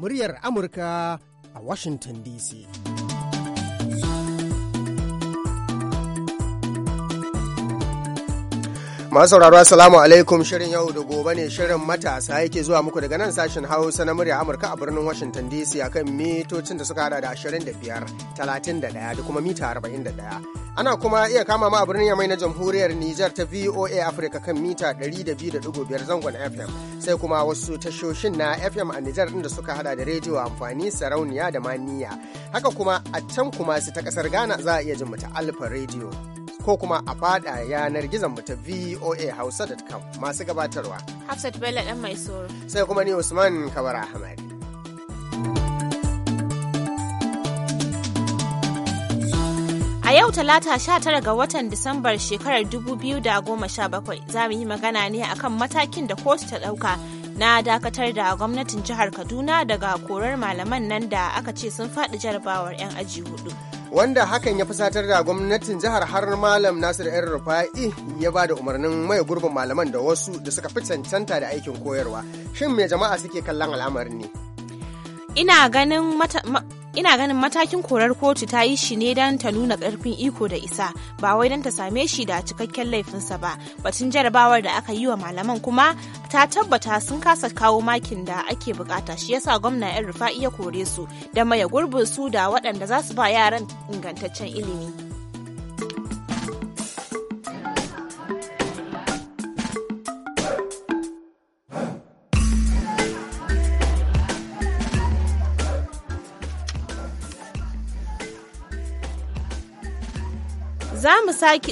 muryar Amurka a Washington DC. masu sauraro assalamu alaikum shirin yau da gobe ne shirin matasa yake zuwa muku daga nan sashen hausa na murya amurka a birnin washington dc akan mitocin da suka hada da 25 31 da kuma mita 41 Ana kuma iya kama ma a birnin Yamai na Jamhuriyar Nijar ta VOA Africa kan mita 102.5 zangon FM sai kuma wasu tashoshin na FM a Nijar inda suka hada da rediyo amfani sarauniya da maniya. Haka kuma a can kuma su ta kasar Ghana za a iya jin mu Alfa Radio ko kuma a fada yanar gizon mu ta voahausa.com masu gabatarwa. Hafsat Bello dan mai soro. Sai kuma ni Usman Kabara Ahmad. A yau talata 19 ga watan Disambar shekarar 2017 za mu yi magana ne a kan matakin da kotu ta ɗauka na dakatar da gwamnatin jihar Kaduna daga korar malaman nan da aka ce sun faɗi jarabawar 'yan aji hudu. Wanda hakan ya fusatar da gwamnatin jihar har malam Nasir ‘yan Rufa'i ya ba da umarnin mai gurbin malaman da wasu da suka fi cancanta da aikin koyarwa. Shin me jama'a suke kallon al'amarin ne? ina ganin matakin korar kotu ta yi shi ne don ta nuna ƙarfin iko da isa ba wai don ta same shi da cikakken laifinsa ba batun jarabawar da aka yi wa malaman kuma ta tabbata sun kasa kawo makin da ake bukata shi yasa gwamna yan rufa iya kore su da maya gurbin su da waɗanda za su ba yaran ingantaccen ilimi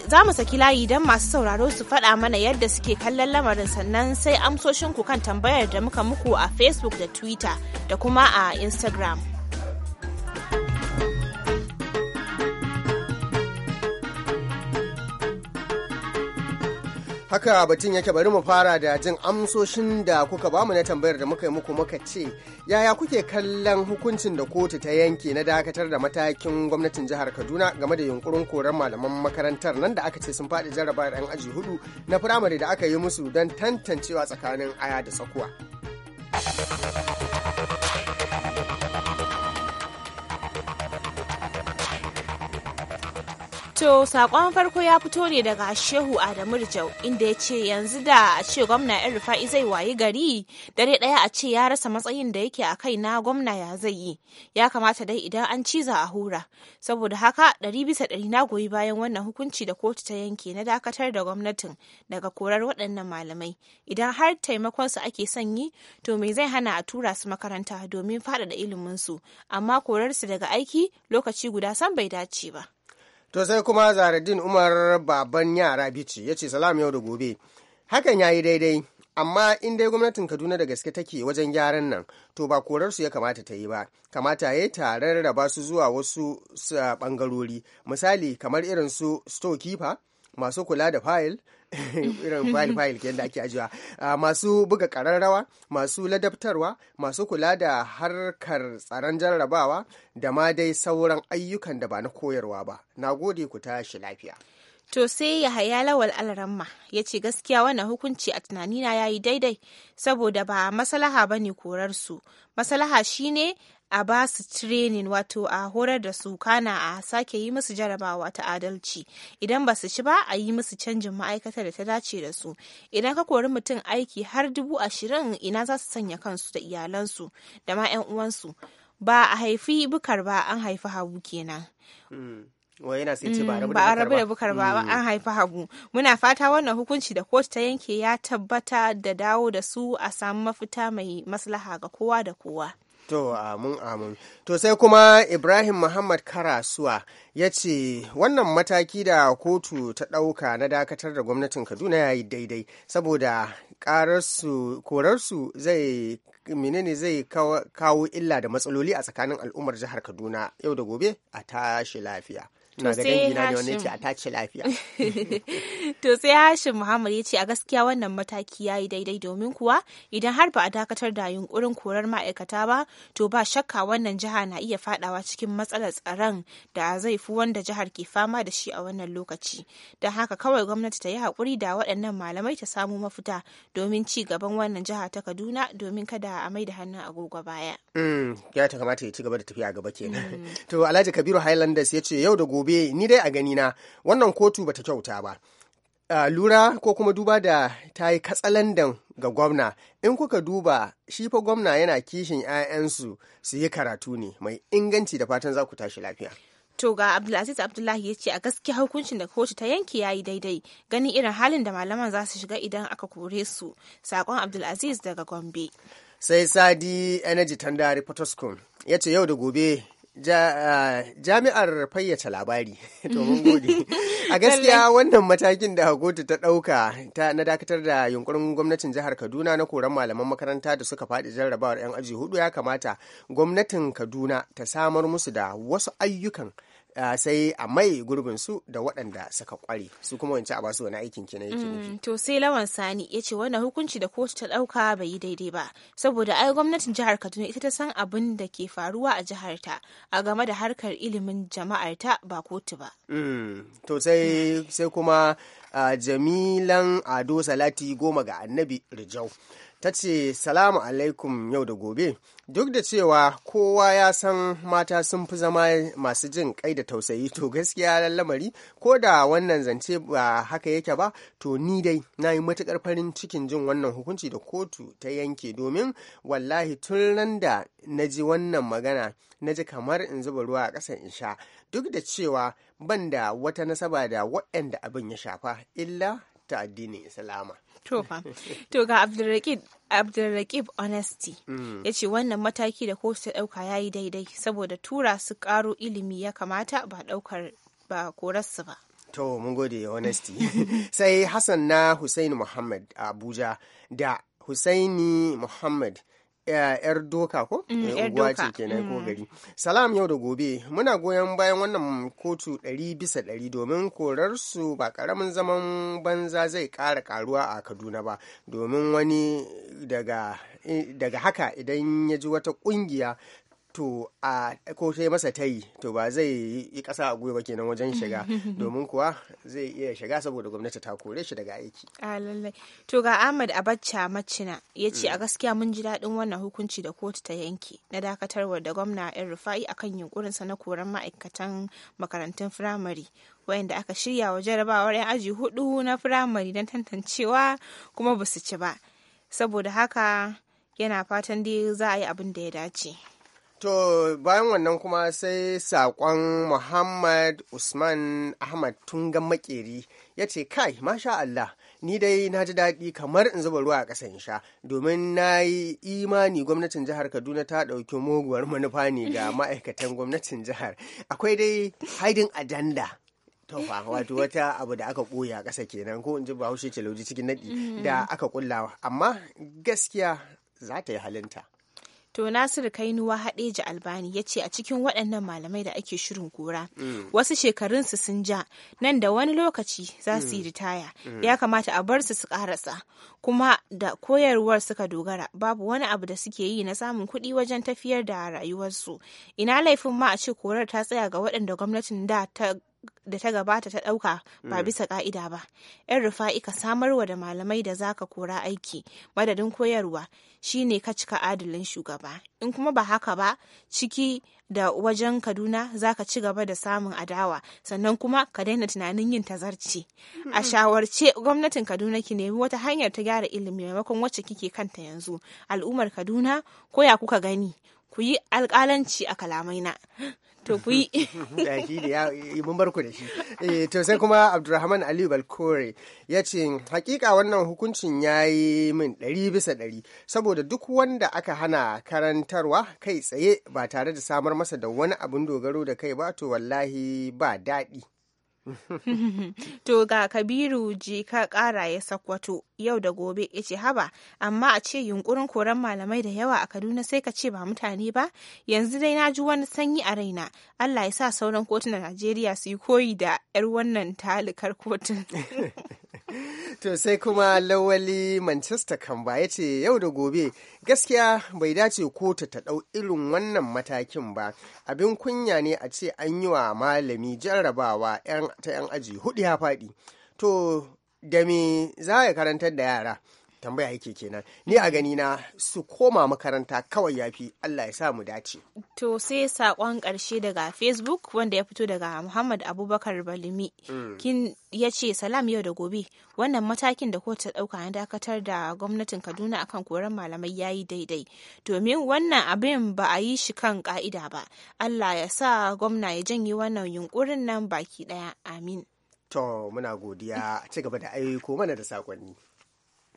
Za mu saki layi don masu sauraro su faɗa mana yadda suke kallon lamarin sannan sai amsoshinku kan tambayar da muka muku a Facebook da Twitter da kuma a Instagram. haka batun yake bari mu fara da jin amsoshin da kuka bamu na tambayar da muka yi muku muka ce yaya kuke kallon hukuncin da kotu ta yanke na dakatar da matakin gwamnatin jihar kaduna game da yunkurin koran malaman makarantar nan da aka ce sun faɗi jarraba yan aji hudu na firamare da aka yi musu don tantancewa tsakanin aya da tsakuwa To sakon farko ya fito ne daga Shehu Adamu Rijau inda ya ce yanzu da a ce gwamna yan rufa'i zai wayi gari dare ɗaya a ce ya rasa matsayin da yake a kai na gwamna ya zai yi ya kamata dai idan an ciza a hura saboda haka ɗari bisa ɗari na goyi bayan wannan hukunci da kotu ta yanke na dakatar da gwamnatin daga korar waɗannan malamai idan har taimakon su ake son yi to me zai hana a tura su makaranta domin faɗaɗa iliminsu, amma korar su daga aiki lokaci guda san bai dace ba. To sai kuma Zaradin Umar baban yara bici ya ce salam yau da gobe. Hakan ya yi daidai, amma in dai gwamnatin Kaduna da gaske take wajen gyaran nan, to ba korarsu ya kamata ta yi ba, kamata ya yi tarar raba su zuwa wasu bangarori, misali kamar irin su storekeeper, masu kula da fayil, irin fayil fayil ke yadda ake ajiyewa ah, masu buga kararrawa masu ladabtarwa masu kula da harkar tsaron jarrabawa da ma dai sauran ayyukan da ba na koyarwa ba na gode ku tashi lafiya To sai ya haya Lawal Alramma ya ce gaskiya wannan hukunci a tunanina ya yi daidai saboda ba masalaha ba ne korarsu. Masalaha shi ne a ba su trenin wato a horar da su kana a sake yi musu jarabawa ta adalci idan ba su ci ba a yi musu canjin ma'aikata da ta dace da su idan ka kori mutum aiki har dubu ashirin ina za su sanya kansu da iyalansu da ma 'yan uwansu ba a haifi bukar ba an haifi habu kenan hmm. ba a rabu hmm, da bukar ba hmm. an haifi habu muna fata wannan hukunci da kotu ta yanke ya tabbata da dawo da su a samu mafita mai maslaha ga kowa da kowa To amin amin. To sai kuma Ibrahim Muhammad Karasuwa ya ce wannan mataki da kotu ta ɗauka na dakatar da gwamnatin Kaduna ya yi daidai saboda korarsu zai menene zai kawo illa da matsaloli a tsakanin al'ummar jihar Kaduna yau da gobe a tashi lafiya. to sai hashim muhammad ya ce a gaskiya wannan mataki ya yi daidai domin kuwa idan har ba a dakatar da yunkurin korar ma'aikata ba to ba shakka wannan jiha na iya fadawa cikin matsalar tsaron da zai fi wanda jihar ke fama da shi a wannan lokaci don haka kawai gwamnati ta yi haƙuri da waɗannan malamai ta samu mafita domin ci gaban wannan jiha ta kaduna domin kada a mai da hannun agogo baya. Mm, ya ta kamata ya ci gaba da tafiya gaba kenan mm. to alhaji kabiru highlanders ya ce yau da gobe gobe ni dai a ganina wannan kotu bata kyauta ba uh, lura ko kuma duba da ta yi katsalandan ga gwamna in kuka duba shi fa gwamna yana kishin 'ya'yansu su yi karatu ne mai inganci da fatan za ku tashi lafiya to ga abdulaziz abdullahi ya ce a gaskiya hukuncin da kotu ta yanke ya yi daidai ganin irin halin da malaman za su shiga idan aka kore su sakon abdulaziz daga gombe sai sadi energy tandari potoscom ya ce yau da gobe jami'ar fayyace labari to mun gode a gaskiya wannan matakin da hagotu ta ɗauka ta na dakatar da yunkurin gwamnatin jihar kaduna na koran malaman makaranta da suka faɗi jarrabawar 'yan aji hudu ya kamata gwamnatin kaduna ta samar musu da wasu ayyukan sai a mai gurbin su da waɗanda suka kware su kuma wancan a basu wani aikin kina yake mm, nufi. To sai lawan sani ya ce wannan hukunci da kotu ta ɗauka bai yi daidai ba saboda ai gwamnatin jihar Kaduna ita ta san abin da ke faruwa a jihar ta a game da harkar ilimin jama'ar ta ba kotu ba. Mm, to sai kuma Jamilan Ado Salati goma ga Annabi Rijau. ta ce salamu alaikum yau da gobe duk da cewa kowa ya san mata sun fi zama masu jin kai da tausayi to gaskiya lamari ko da wannan zance ba haka yake ba to ni dai na yi matukar farin cikin jin wannan hukunci da kotu ta yanke domin wallahi tun nan da na ji wannan magana na ji kamar in zuba ruwa a ƙasa in sha duk da cewa ban da wata nasaba da waɗanda abin ya shafa illa ta addinin islama to to ga abdulrakib abdulrakib honesty mm. ya ce wannan mataki da kotu ta ɗauka ya yi daidai saboda tura su ƙaro ilimi ya kamata ba ɗaukar ba su ba to mun gode honesty sai hassan na husaini muhammad a abuja da husaini muhammad Eh, yar doka ko mm, eh, unguwa ce kenan ko mm. gari salam yau da gobe muna goyon bayan wannan kotu ɗari bisa ɗari domin korar su ba ƙaramin zaman banza zai ƙara karuwa a kaduna ba domin wani eh, daga haka idan ya ji wata ƙungiya to a ko sai masa ta yi to ba zai yi ƙasa a gwiwa kenan wajen shiga domin kuwa zai iya shiga saboda gwamnati ta kore shi daga aiki a lallai to ga ahmad abacha macina ya ce a mm. gaskiya mun ji daɗin wannan hukunci da kotu ta yanke na dakatarwa da gwamna yan rufa'i akan yunkurinsa na koran ma'aikatan makarantun firamare wayanda aka shirya wa jarabawar 'yan aji hudu na firamare don tantancewa kuma ba su ci ba saboda haka yana fatan dai za a yi abin da ya dace To bayan wannan kuma sai saƙon Muhammad Usman Ahmad Tungan Makeri ya ce, Kai, masha Allah, ni dai na ji daɗi kamar in zuba ruwa a ƙasa in sha, domin na yi imani gwamnatin jihar Kaduna ta ɗauki muguwar manufa ne ga ma'aikatan gwamnatin jihar. Akwai dai haidin ajanda Tofa, wato wata abu da aka ɓoye a ƙasa kenan ko in ji bahaushe talauji cikin naɗi mm. da aka ƙullawa amma gaskiya za ta yi halinta. To Nasiru Kainuwa Haɗeji Albani ya ce a cikin waɗannan malamai da ake shirin kora mm. wasu shekarunsu sun ja nan da wani lokaci za su yi mm. ritaya mm. ya kamata a bar su su ƙarasa kuma da koyarwar suka dogara babu wani abu da suke yi na samun kuɗi wajen tafiyar da rayuwarsu ina laifin ma a ce korar ta tsaya ga waɗanda gwamnatin da ta da ta gabata ta ɗauka ba mm. bisa ka'ida ba. 'Yan rufa'i ka samarwa da malamai da zaka kora aiki madadin koyarwa shine ka cika adalin shugaba. In kuma ba haka ba ciki da wajen Kaduna za ka ci gaba da samun adawa sannan kuma ka daina tunanin yin tazarci. A shawarce gwamnatin Kaduna ki nemi wata hanyar ta gyara ilimi maimakon wacce kike kanta yanzu. Al'ummar Kaduna koya kuka gani ku yi alƙalanci a kalamaina to eh, ku yi da shi mun bar da shi to sai kuma abdurrahman aliyu balkore ya ce hakika wannan hukuncin ya yi min ɗari bisa ɗari saboda duk wanda aka hana karantarwa kai tsaye ba tare da samar masa da wani abin dogaro da kai ba to wallahi ba daɗi to ga kabiru ji ka kara ya sakwato yau da gobe ya ce haba amma a ce yunkurin koran malamai da yawa a kaduna sai ka ce ba mutane ba yanzu dai na ji wani sanyi a raina allah ya sa sauran kotunan najeriya su yi koyi da 'yar wannan talikar kotun to sai kuma lawali manchester kamba ya ce yau da gobe gaskiya bai dace kotu ta ɗau irin wannan matakin ba abin kunya ne a ce an yi wa malami jarrabawa ta 'yan aji hudu ya faɗi to da me za ya karantar da yara tambaya yake kenan ni a gani na su koma makaranta kawai yafi Allah ya sa mu dace to sai sakon karshe daga facebook wanda ya fito daga Muhammad Abubakar Balimi mm. kin ya ce salam yau da gobe wannan matakin da kotu ta dauka na dakatar da gwamnatin Kaduna akan koran malamai yayi daidai domin wannan abin ba a yi shi kan ka'ida ba Allah ya sa gwamna ya janye wannan yunkurin nan baki daya amin to muna godiya ci gaba da aiko mana da sakonni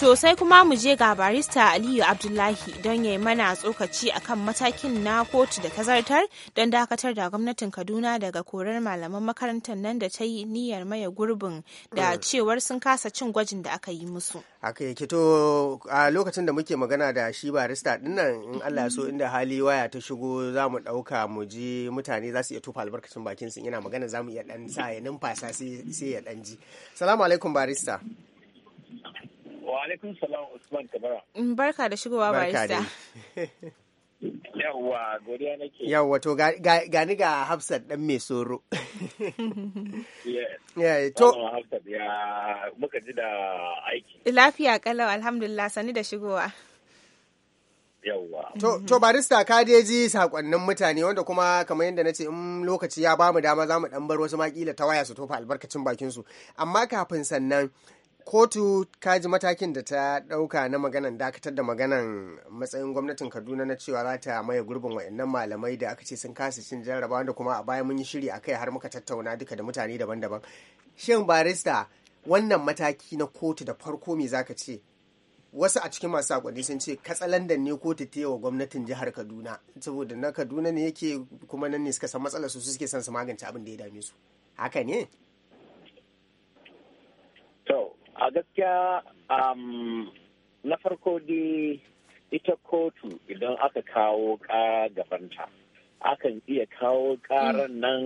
To sai kuma mu je ga barista Aliyu Abdullahi don ya yi mana tsokaci a kan matakin na kotu da ta zartar don dakatar da gwamnatin Kaduna daga korar malaman makarantar nan da ta yi niyyar maye gurbin da mm. cewar sun kasa cin gwajin da aka yi musu. Aka yake to a lokacin da muke magana da shi barista dinnan in Allah so inda hali waya ta shigo za mu ɗauka mu ji mutane za su iya tufa albarkacin bakin su yana magana za mu iya ɗan sa ya numfasa sai ya ɗan ji. Salamu alaikum barista. Wa salam Usman Kabara. Barka da shigowa barista. Yawwa, godiya nake. Yawwa, to gani ga Hafsat dan mai soro. Yes. to. Hafsat ya muka ji da aiki. Lafiya kalau alhamdulillah sani da shigowa. yawwa. To, barista ka dai ji sakonnin mutane wanda kuma kamar yadda na ce in lokaci ya bamu dama za mu ɗan bar wasu makila ta waya su tofa albarkacin bakinsu Amma kafin sannan kotu ka ji matakin da ta ɗauka na maganan dakatar da maganan matsayin gwamnatin kaduna na cewa za ta maye gurbin wa'annan malamai da aka ce sun kasa cin jarraba wanda kuma a baya mun yi shiri akai har muka tattauna duka da mutane daban-daban shin barista wannan mataki na kotu da farko me zaka ce wasu a cikin masu sakonni sun ce katsalandan ne kotu ta wa gwamnatin jihar kaduna saboda na kaduna ne yake kuma nan ne suka san matsalar su suke son su magance abin da ya dame su haka ne a gaskiya um, na farko dai ita kotu idan aka kawo ka gabanta akan iya kawo karan mm. nan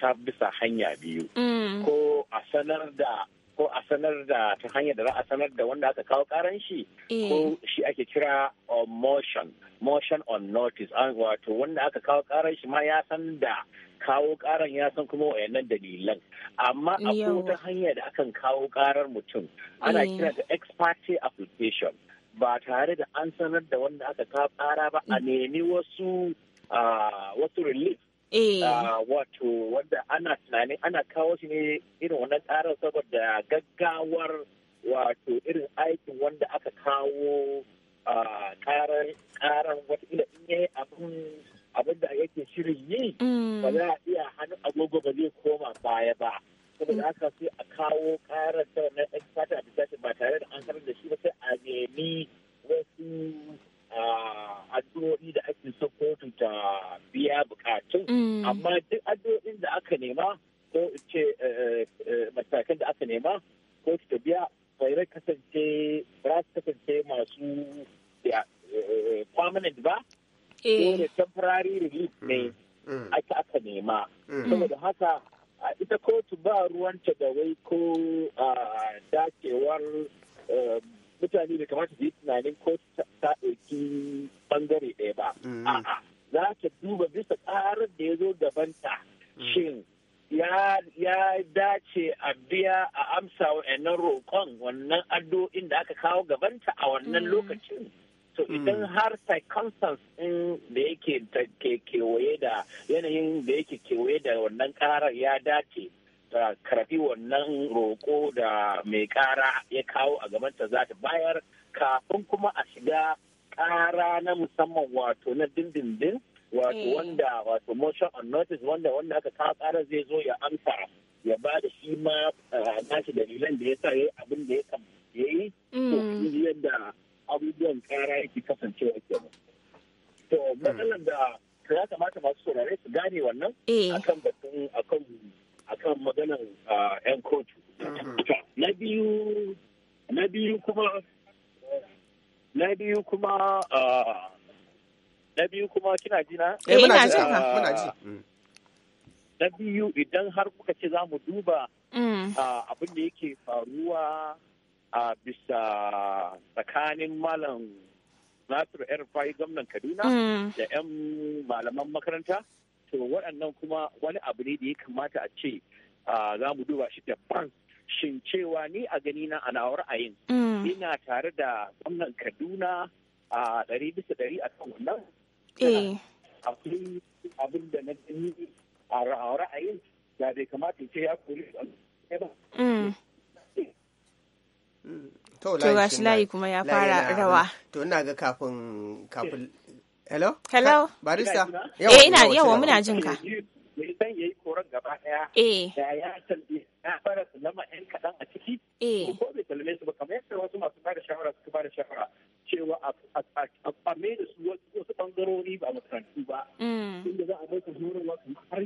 ta bisa hanya biyu mm. ko a sanar da ko a sanar da ta hanyar da za a sanar da wanda aka kawo karan shi eh. ko shi ake kira um, motion motion on notice wato wanda aka kawo karan shi ma ya san da kawo karan ya san kuma wayannan dalilan amma akwai wata hanya da akan kawo karar mutum ana eh. kira da ex parte application ba tare da an sanar da wanda aka kawo kara ba a mm. nemi wasu wasu relief eh. wato wanda ana tunanin ana kawo shi ne irin wannan karar saboda gaggawar wato irin aikin wanda aka kawo karar wata in yayi abin abin da yake shirin yi mm. ba za a iya hannun agogo ba zai koma baya ba saboda mm. haka sai a kawo karar ta fata da arbitration ba tare da an sanar da shi ba sai a nemi wasu addu'o'i da ake so kotu ta biya bukatun mm. amma duk addu'o'in da aka nema ko ce eh, eh, eh, matakan da aka nema kotu ta biya bai kasance ba kasance masu permanent ba Eh. ko da temporary relief mm. ne mm. aka aka nema mm. saboda haka ita kotu ba ruwanta da wai ko dakewar eh, mutane da kamata yi tunanin ko ta ɗauki bangare ɗaya ba a'a za ta duba bisa tsarin da ya zo gabanta shin ya dace a biya a amsa wa'annan roƙon wannan addu'o'in da aka kawo gabanta a wannan lokacin to idan hmm. har circumstance din da yake kewaye da yanayin da yake kewaye da wannan karar ya dace da karfi wannan roko da mai kara ya kawo a gabanta za ta bayar kafin kuma a shiga kara na musamman wato na dindindin wato eh. wanda wato motion on notice wanda wanda aka kawo kara zai zo ya amsa ya ba da shi ma eh, nashi dalilan da ya sa ya abin da ya yi hmm. yadda abubuwan kara yake kasancewa ke nan. to hmm. matsalar da ya kamata masu saurare su gane wannan eh. akan batun akan akan maganar yan kotu hmm. na biyu na biyu kuma na biyu kuma na biyu kuma kina ji na eh muna eh, ji muna ji na biyu idan har kuka ce za mu duba hmm. abin da yake faruwa a bisa tsakanin malam Nasiru Erfai gwamnan Kaduna mm. da 'yan malaman makaranta to waɗannan kuma wani abu ne da ya kamata a ce za mu duba shi daban shin cewa ni a gani na ana ra'ayin mm. ina tare da gwamnan Kaduna a ɗari bisa ɗari a kan wannan eh. abin da na gani a ra'ayin da bai kamata ce ya kori ba mm. to shi layi kuma ya fara rawa to ina ga kafin kafin hello hello barista eh ina yawa muna jin ka mai yayi koran gaba daya eh. da kaɗan a ciki eh. ko bai sallame su shawara cewa a bangarori ba makarantu ba mm. inda za a su har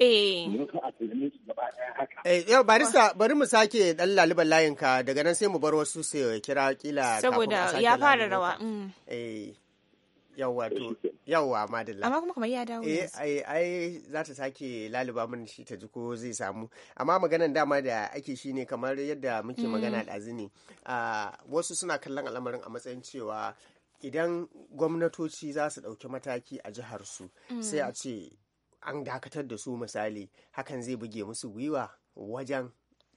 Eh. Eh, yau barista bari mu sake dan laliban layin ka daga nan sai mu bar wasu su kira kila saboda ya fara rawa. Mm. Eh yawwa to eh, yawwa madalla. Amma kuma kamar ya dawo. Eh ai ai za ta sake laliba mun shi ta ji ko zai samu. Amma maganan dama da ake shi ne kamar yadda muke mm. magana da azini. Ah, wasu suna kallon al'amarin a matsayin cewa idan gwamnatoci za su ɗauki mataki a jihar su mm. sai a ce an dakatar da su misali hakan zai buge musu gwiwa wajen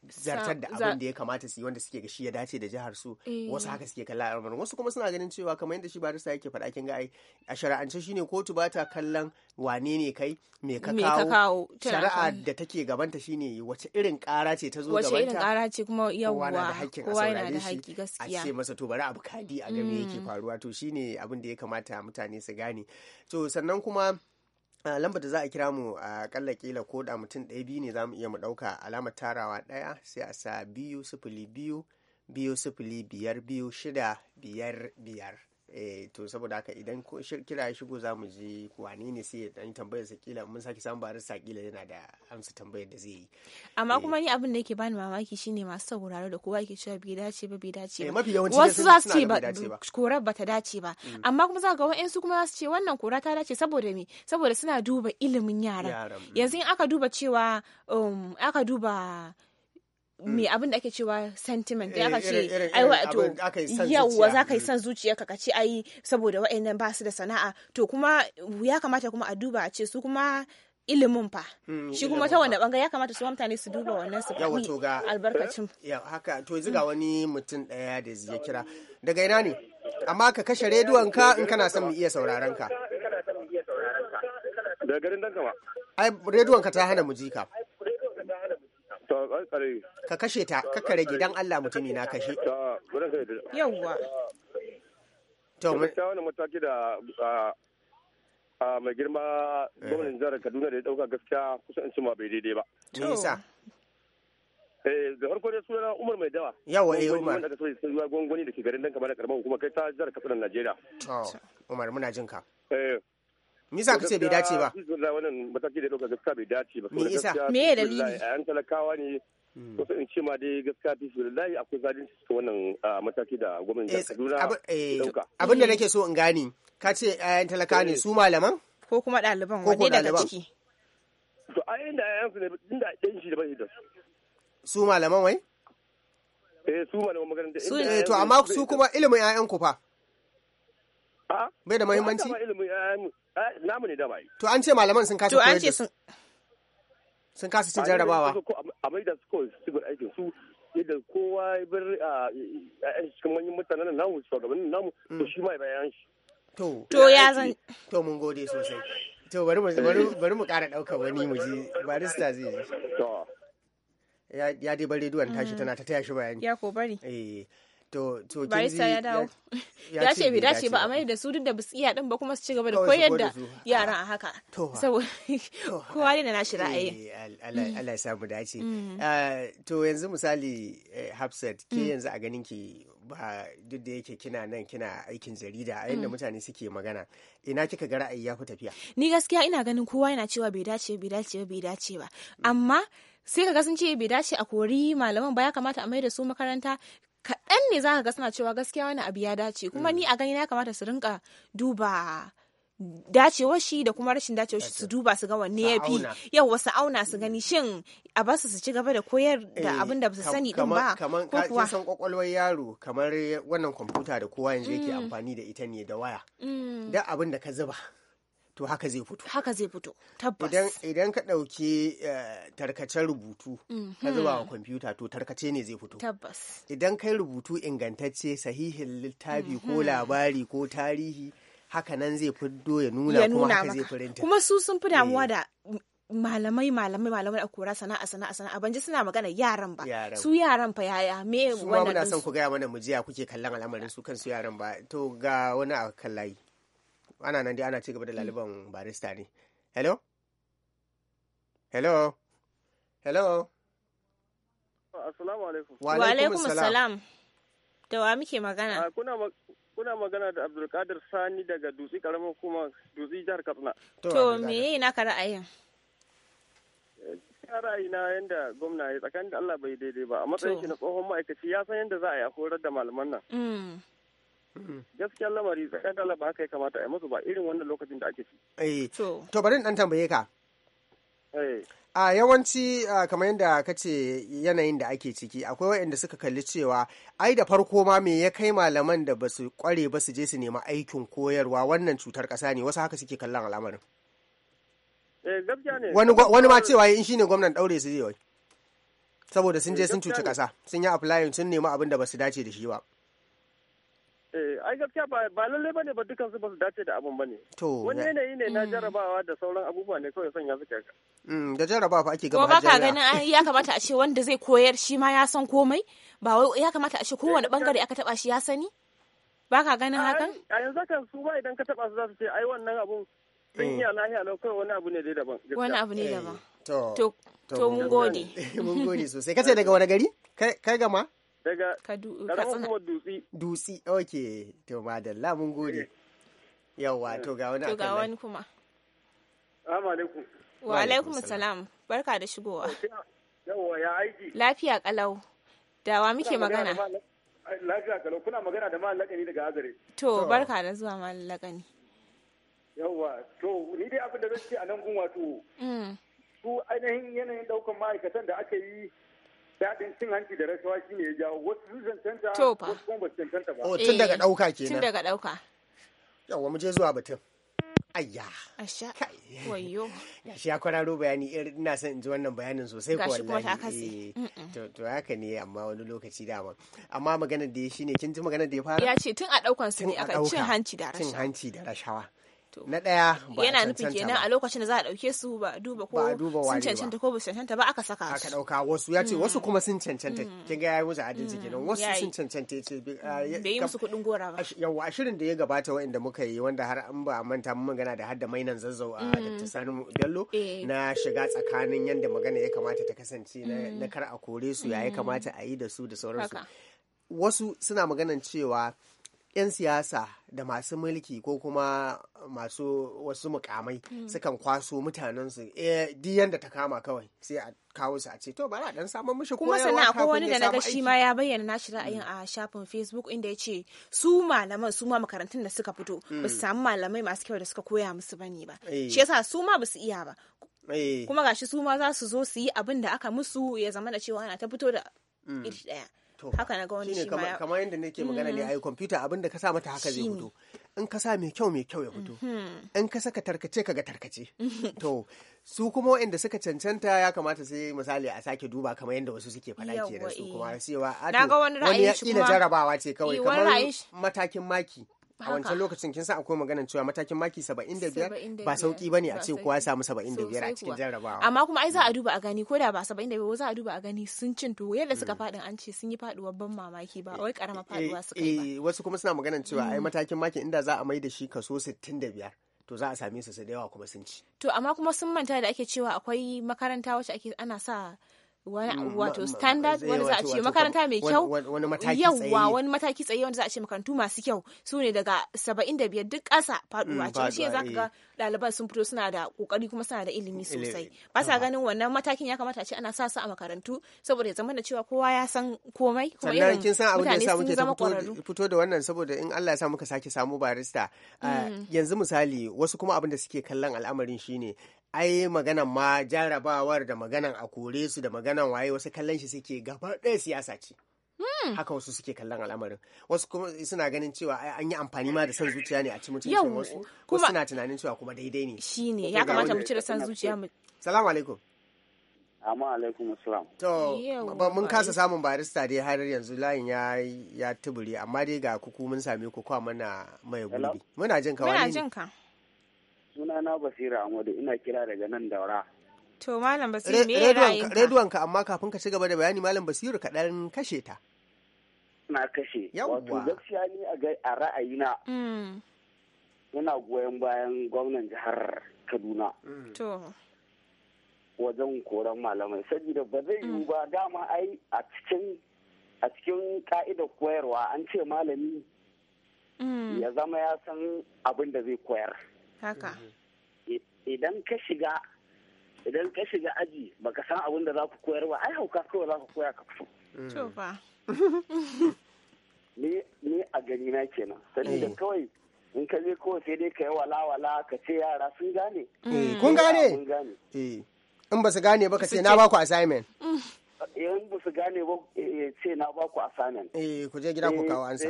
zartar da abin da ya kamata su yi wanda suke ga shi ya dace da jihar su eh. wasu haka suke kalla al'amarin wasu kuma suna ganin cewa kamar yadda shi barista yake faɗa kin ga ai a shari'ance shine kotu ba ta kallon wane ne kai me ka kawo shari'a da take gabanta shine wace irin ƙara ce ta zo gabanta wace irin kara ce kuma yawwa kowa yana da haƙƙi gaskiya a ce masa to bari abu kadi a game yake mm. faruwa to shine abin da ya kamata mutane su gane to sannan kuma lambar da za a kira mu a kalla kila ko da mutum ɗaya biyu ne za mu iya mu ɗauka alamar tarawa ɗaya sai a sa biyu sifili biyu biyu sifili biyar biyu shida biyar biyar Eh, to saboda haka idan kira ya shigo zamu ji wani ne sai dan tambayar sa kila mun saki samu barista kila yana da amsa tambayar da zai yi amma kuma eh. ni abin da yake bani mamaki shine masu sauraro da kowa yake cewa bai dace ba bai dace eh, ba wasu za su ce ba korar ba ta dace ba mm. amma kuma za ga wa'ansu kuma za su ce wannan kora ta dace saboda me saboda suna duba ilimin yaran mm. yanzu in aka duba cewa um, aka duba me mm. abin da ake cewa sentiment da eh, aka ce ai wato yawa za ka yi mm. son zuciya ka ce ai saboda wa'annan ba su da sana'a to kuma ya kamata kuma a duba a ce su kuma ilimin fa mm, shi kuma ta wanda bangare ya kamata su mutane su duba wannan su ga albarkacin ya haka to ga wani mutum daya da zai kira daga ina ne amma ka kashe rediyon ka in kana son mu iya sauraron ka daga garin ba ai rediyon ka ta hana mu ji ka Ka kashe ta, ka kare gidan Allah mutumi na kashe. Yawwa. To mun ta wani mataki da a mai girma gwamnatin jihar Kaduna da ya dauka gaskiya kusan in ma bai daidai ba. Me yasa? Eh da farko dai suna umar mai dawa yawa eh umar wanda kasuwa sun zuwa gwangwani da ke garin dan kamar da karamar hukumar kai ta jihar Kaduna najeriya To umar muna jin ka eh me yasa kace bai dace ba bismillah wannan mataki da doka gaskiya bai dace ba me yasa me ya dalili an talakawa ne ko hmm. sai in ce ma dai gaskiya bismillah akwai zalunci cikin wannan mataki da gwamnatin Kaduna dauka eh, abin da nake so in gani ka ce ayan talakawa ne eh. su malaman ko kuma ɗaliban wani daga ciki to a inda ayan su ne inda ɗan shi da bai da su malaman wai eh su malaman makaranta eh to amma su kuma ilimin ayan ku fa Bai da muhimmanci? Eh, eh, namu ne dama To an ce malaman sun kasa koyar da su. Sun kasa cin jarrabawa. A mai da su kawai aikin su yadda kowa ya bar a ah, eh, cikin manyan mutanen namu shugabannin namu to mm. shi ma ya bayan shi. To, ya zan. To mun gode sosai. To bari mu bari mu kara ɗaukar wani mu ji barista zai ji. To. Ya dai bar rediyon tashi mm. tana ta taya shi bayani. Ya ko bari. Eh. to to barista ya dawo ya ce bai dace ba amma da su duk da bisiya din ba kuma su ci gaba da koyar da yaran a haka saboda kowa ne na shi ra'ayi Allah ya samu dace mm. ah, to yanzu misali eh, Hafsat ke mm. yanzu a ganin ki ba duk da yake kina nan kina aikin jarida a yadda mm. mutane suke magana ina kika ga ra'ayi ya fi tafiya ni gaskiya ina ganin kowa yana cewa bai dace bai dace bai dace ba amma sai ga sun ce bai dace a kori malaman ba ya kamata a maida su makaranta kaɗan ne za ka ga suna cewa gaskiya wani abu ya dace kuma mm. ni a gani ya kamata su rinka duba dacewar shi da kuma rashin dacewar shi su duba su ga wanne ya fi yau wasu auna su gani mm. shin a basu su ci gaba da koyar da eh, abin da su sani din ba ko kuwa san kwakwalwar yaro kamar wannan kwamfuta da kowa yanzu yake mm. amfani da ita ne da waya da abin da ka zuba to haka zai fito haka zai fito tabbas idan idan ka ɗauki eh, tarkacen rubutu ka mhm. zuba wa kwamfuta to tarkace ne zai fito tabbas idan kai rubutu ingantacce sahihin littafi ko mhm. labari ko tarihi haka nan zai fito ya nuna kuma haka zai firinta kuma su sun fi damuwa eh. da malamai malamai malamai a kora sana'a sana'a sana'a ban ji suna magana yaran ba su yaran fa yaya me wannan su muna son ku gaya mana mu jiya kuke kallon al'amarin su kan su yaran ba to ga wani a kallayi ana nan dai ana ci gaba da mm. laliban barista ne hello hello hello assalamu alaikum wa alaikum assalam da wa muke magana ah, kuna magana da abdulkadir sani daga dutse karamar kuma dutse jihar katsina to me na ka ra'ayin eh, ra'ayi na yadda gwamna ya tsakanin da Allah bai daidai ba a matsayin shi na tsohon ma'aikaci ya san yadda za a yi a horar da malaman nan. Mm. gaskiya lamari tsakan Allah haka ya kamata a musu ba irin wannan lokacin da ake ciki. eh to bari dan tambaye ka eh. a yawanci kamar yadda ka ce yanayin da ake ciki akwai waɗanda suka kalli cewa ai da farko ma me ya kai malaman da ba su kware ba su je su nema aikin koyarwa wannan cutar ƙasa ne wasu haka suke kallon al'amarin eh, wani ma cewa in shine gwamnan ɗaure su wai? saboda sun je eh, sun cuci ƙasa sun yi applying sun nemi abin da ba su dace da shi ba eh ai gaskiya ba ba lalle bane ba dukan su ba su dace da abun bane to wani yanayi ne na mm. jarabawa da sauran abubuwa ne kawai sanya suke ka mm da jarabawa fa ake gaba ba ka ganin ya kamata a ce wanda zai koyar shi ma ya san komai ba wai ya kamata a ce kowane eh, bangare aka taba shi ya sani ba ka ganin hakan a yanzu kan su ba idan ka taba su za su ce ai wannan abun sun mm. iya lahiya lau kawai wani abu ne dai daban wani abu ne eh. daban to to mun gode mun gode sosai kace daga wani gari kai gama daga karamar dutsi dutsi ok to madalla mun gode eh. yawa to ga wani to ga wani kuma assalamu alaikum wa alaikum salam barka da shigowa yawa ya aiki lafiya kalau wa muke magana lafiya kalau kuna magana da malam lakani daga azare to barka da zuwa malam lakani yawa to ni dai abin da zan ce a nan gun wato mm. su ainihin yanayin daukan ma'aikatan da aka yi daɗin cin hanci da rashawa shi ne ya jawo wasu sun cancanta ko kuma ba su cancanta ba. Oh, tun daga eh, ɗauka kenan. Tun daga ɗauka. Yawwa mu je zuwa batun. Ayya. Asha. Wayo. Ya shi ya kwararo bayani ina son in ji wannan bayanin sosai ko wallahi. Gashi kuma ta katse. Eh, to haka ne amma wani lokaci dama. Amma maganar da ya shi ne kin ji maganar da ya fara. Ya ce tun a ɗaukan su ne akan cin hanci da rashawa. Cin hanci da rashawa. na ɗaya yana nufin kenan a lokacin da za a ɗauke su ba duba ko sun cancanta ko ba su cancanta ba aka saka aka ɗauka wasu ya ce mm. wasu kuma sun cancanta mm. kin ga yayi musu adalci mm. kenan wasu sun cancanta yace da ah, yi musu kuɗin gora ba yawa ashirin da ya gabata wanda muka yi wanda har an ba manta mun magana da har da mainan zazzau a ah, Dr. Sani Bello eh. na shiga tsakanin yanda magana ya kamata ta kasance na kar a kore su yayi kamata a yi da su da sauransu wasu suna maganan cewa 'yan siyasa da masu mulki ko kuma masu wasu mukamai hmm. sukan kwaso mutanensu eh, di yanda ta kama kawai sai a kawo su a ce to bari a dan samun mishi kuma sannan akwai wani da naga shi ma ya bayyana nashi ra'ayin hmm. a shafin facebook inda ya ce su malaman su ma makarantun da suka fito hmm. ba su samu malamai masu kyau da suka koya musu bane ba eh. shi yasa su ma ba su iya ba eh. kuma gashi su ma za su zo su yi abin da aka musu ya zama da cewa ana ta fito da iri daya haka na ga wani shi ma kamar yadda nake magana ne mm. ai kwamfuta abin da ka sa mata haka zai fito in ka sa mai kyau mai kyau ya fito mm-hmm. in ka saka tarkace ka ga tarkace mm-hmm. to su kuma waɗanda suka cancanta ya kamata sai misali a sake duba kamar yadda wasu suke faɗa ke su kuma eh. cewa wani ya kila jarabawa ce kawai eh, kamar matakin maki a wancan lokacin kin san akwai maganar cewa matakin maki 75 ba sauki bane a ce kowa ya samu 75 a cikin jarrabawa amma kuma ai za a duba a gani ko da ba 75 za a duba a gani sun cin to yadda suka mm. fadin an ce sun yi faduwar ban mamaki ba eh, wai karama eh, faduwa suka yi ba eh, wasu kuma suna maganar cewa ai mm. matakin maki inda za a mai da shi kaso 65 to za a same su su da yawa kuma sun ci to amma kuma sun manta da ake cewa akwai makaranta wacce ake ana sa Mm, wato standard wanda za a ce makaranta mai kyau yawwa wani mataki tsaye wanda za a ce makarantu masu kyau su ne daga saba'in da biyar duk ƙasa faɗuwa mm, ce shi za ka ga eh. ɗaliban sun fito suna da ƙoƙari kuma suna da ilimi sosai ba sa ganin wannan matakin ya kamata a ce ana sa su a makarantu saboda ya zama da cewa kowa ya san komai kuma irin mutane sun zama ƙwararru fito da wannan saboda in Allah ya sa muka sake samu barista ah, mm. yanzu misali wasu kuma abin da suke kallon al'amarin shine ai maganan ma jarabawar da maganan a kore su da maganan waye wasu kallon shi suke gaba ɗaya siyasa ce hmm. haka wasu suke kallon al'amarin wasu kuma suna ganin cewa an yi amfani ma da san zuciya ne a ci mutuncin wasu ko suna tunanin cewa kuma daidai ne ne ya kamata mu cire san zuciya mu salamu alaikum amma alaikum salam. to mun kasa samun barista dai har yanzu layin ya ya tuburi amma dai ga kuku mun same ku kwa mana mai gurbi muna jin ka muna jin ka suna na basira amadu ina kira daga nan daura to malam me reduwan ka amma kafin ka ci gaba da bayani malam basiru ka dan kashe ta na kashe wato gaskiya ni a ra'ayina ina mm. goyon bayan gwamnan jihar kaduna mm. to wajen koran malamai saboda ba zai mm. yiwu ba dama ai a cikin a cikin ka'idar koyarwa an ce malami ya zama ya san abin da zai koyar haka mhm. idan ka shiga idan ka shiga aji baka san abin da za ku koyar ba ai hauka kawai za ku koya ka fito mm. to fa ni a gani na kenan saboda mm. kawai in ka je kawai sai dai ka yi wala-wala ka ce yara sun gane. Mm. Kun gane? Eh. In ba su gane ba ka ce na ba ku assignment. Eh, in ba su gane ba eh, ce na ba ku assignment. Eh ku je gida ku kawo ansa.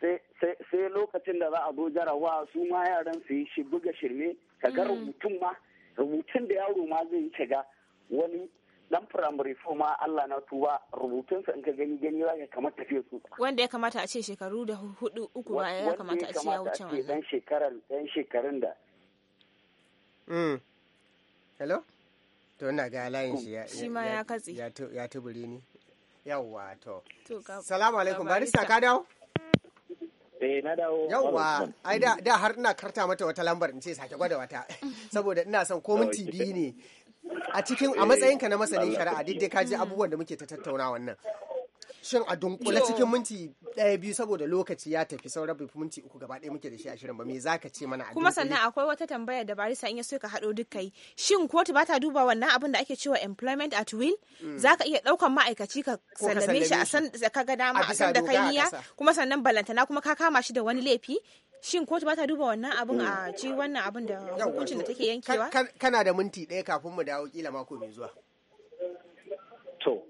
sai lokacin da za a zo jarawa su ma yaran su yi shi buga shirme ga mm. rubutun ma rubutun da yaro ma zai shiga wani dan firamare fo ma Allah na tuba rubutunsa in ka gani gani za ka kamar tafiya su wanda ya kamata a ce shekaru da hudu uku ba ya kamata a ce ya wuce wannan dan shekaran dan shekarun da mm hello to ina ga layin shi ya shi ma ya katse ya tubure ni yawwa to salamu alaikum barista ka dawo sai eh, na ai da da har ina karta mata wata lambar in ce sake gwada wata saboda ina son ko minti biyu ne a cikin a eh, matsayinka na masanin shari'a duk dai ka ji abubuwan da muke ta tattauna wannan shin a dunkule cikin minti ɗaya biyu saboda lokaci ya tafi sauran bai minti uku gaba ɗaya muke da shi a shirin ba me za ka ce mana kuma sannan akwai wata tambaya da barisa in ya so ka haɗo duk kai shin kotu ba ta duba wannan abin da ake cewa employment at will mm. Za ka iya ɗaukan ma'aikaci ka sallame shi a san ka ga dama a san da ka niya kuma sannan balantana kuma ka kama shi da wani laifi shin kotu ba ta duba wannan abin a mm. ci wannan abin da hukuncin da take yankewa kana da minti ɗaya kafin mu dawo kila mako mai zuwa to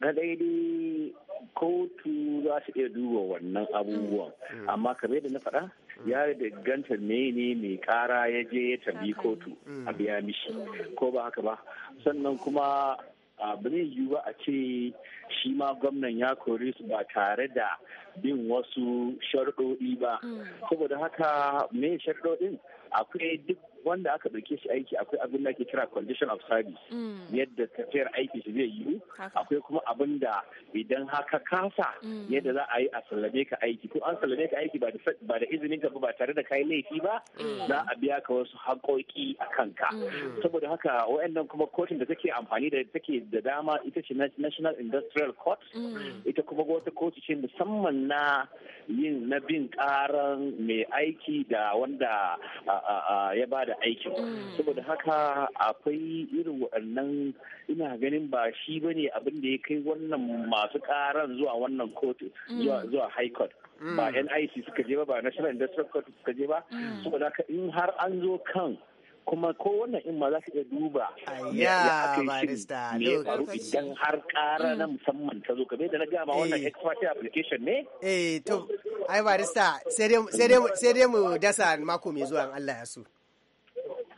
na ɗaya dai kotu za su iya duba wannan abubuwan mm. amma kamar da na faɗa mm. ya danganta ne mai ƙara ya je ya tambi kotu a mm. biya mishi ko ba haka ba sannan kuma ba zai yiwu ba a ce shi ma gwamnan ya kori su ba tare da bin wasu sharɗoɗi ba saboda haka me sharɗoɗin akwai duk wanda aka ɗauke shi aiki akwai abin da ake kira condition of service mm. yadda tafiyar aiki shi zai yiwu akwai kuma abin da idan haka kasa mm. yadda za a yi a sallame ka aiki ko an sallame ka aiki ba da izinin ka ba tare da kayi laifi ba mm. za a biya ka wasu haƙoƙi a kanka saboda haka wayannan kuma kotun da take amfani da take da dama ita ce national industrial court ita kuma wata kotu ce musamman na yin na bin ƙaran mai aiki da wanda ya ba da da aikin mm. saboda haka akwai irin waɗannan ina ganin ba shi bane abin da ya kai wannan masu ƙaran zuwa wannan kotu mm. zuwa high court mm. ba NIC suka je ba ba National Industrial Court suka je ba saboda haka in har an zo kan kuma ko wannan in ma za su iya duba ya barista me ya faru idan har kara na musamman ta zo kamar da na gama wannan expert eh. application ne eh to ai barista sai dai mu dasa mako mai zuwa Allah ya so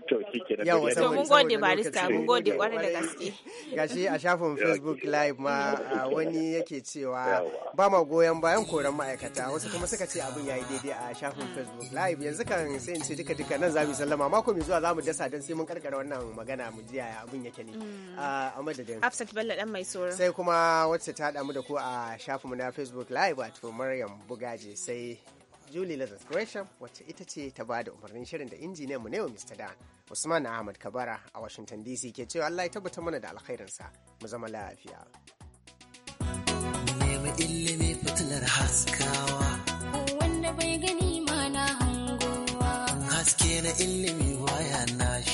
To shi ke da yawa saboda mun gode barista mun gode kwarai da gaske. Gashi a shafin Facebook live ma wani yake cewa ba ma goyon bayan koran ma'aikata wasu kuma suka ce abin yayi daidai a shafin Facebook live yanzu kan sai in ce duka duka nan zamu sallama mako mai zuwa zamu dasa dan sai mun karkara wannan magana mu ji yaya abin yake ne. Mm. A madadin. Absat Bello dan mai soro. Sai kuma wacce ta damu da ku a shafin mu na Facebook live wato Maryam Bugaje sai Julie Lazarus Gresham wacce ita ce ta ba da umarnin shirin da injiniyan mu wa Mr. Dan Usman Ahmad Kabara a Washington DC ke cewa Allah ya tabbata mana da alkhairinsa mu zama lafiya. Nema ilimi fitilar haskawa. Wanda bai gani ma na hangowa. Haske na ilimi waya na shi.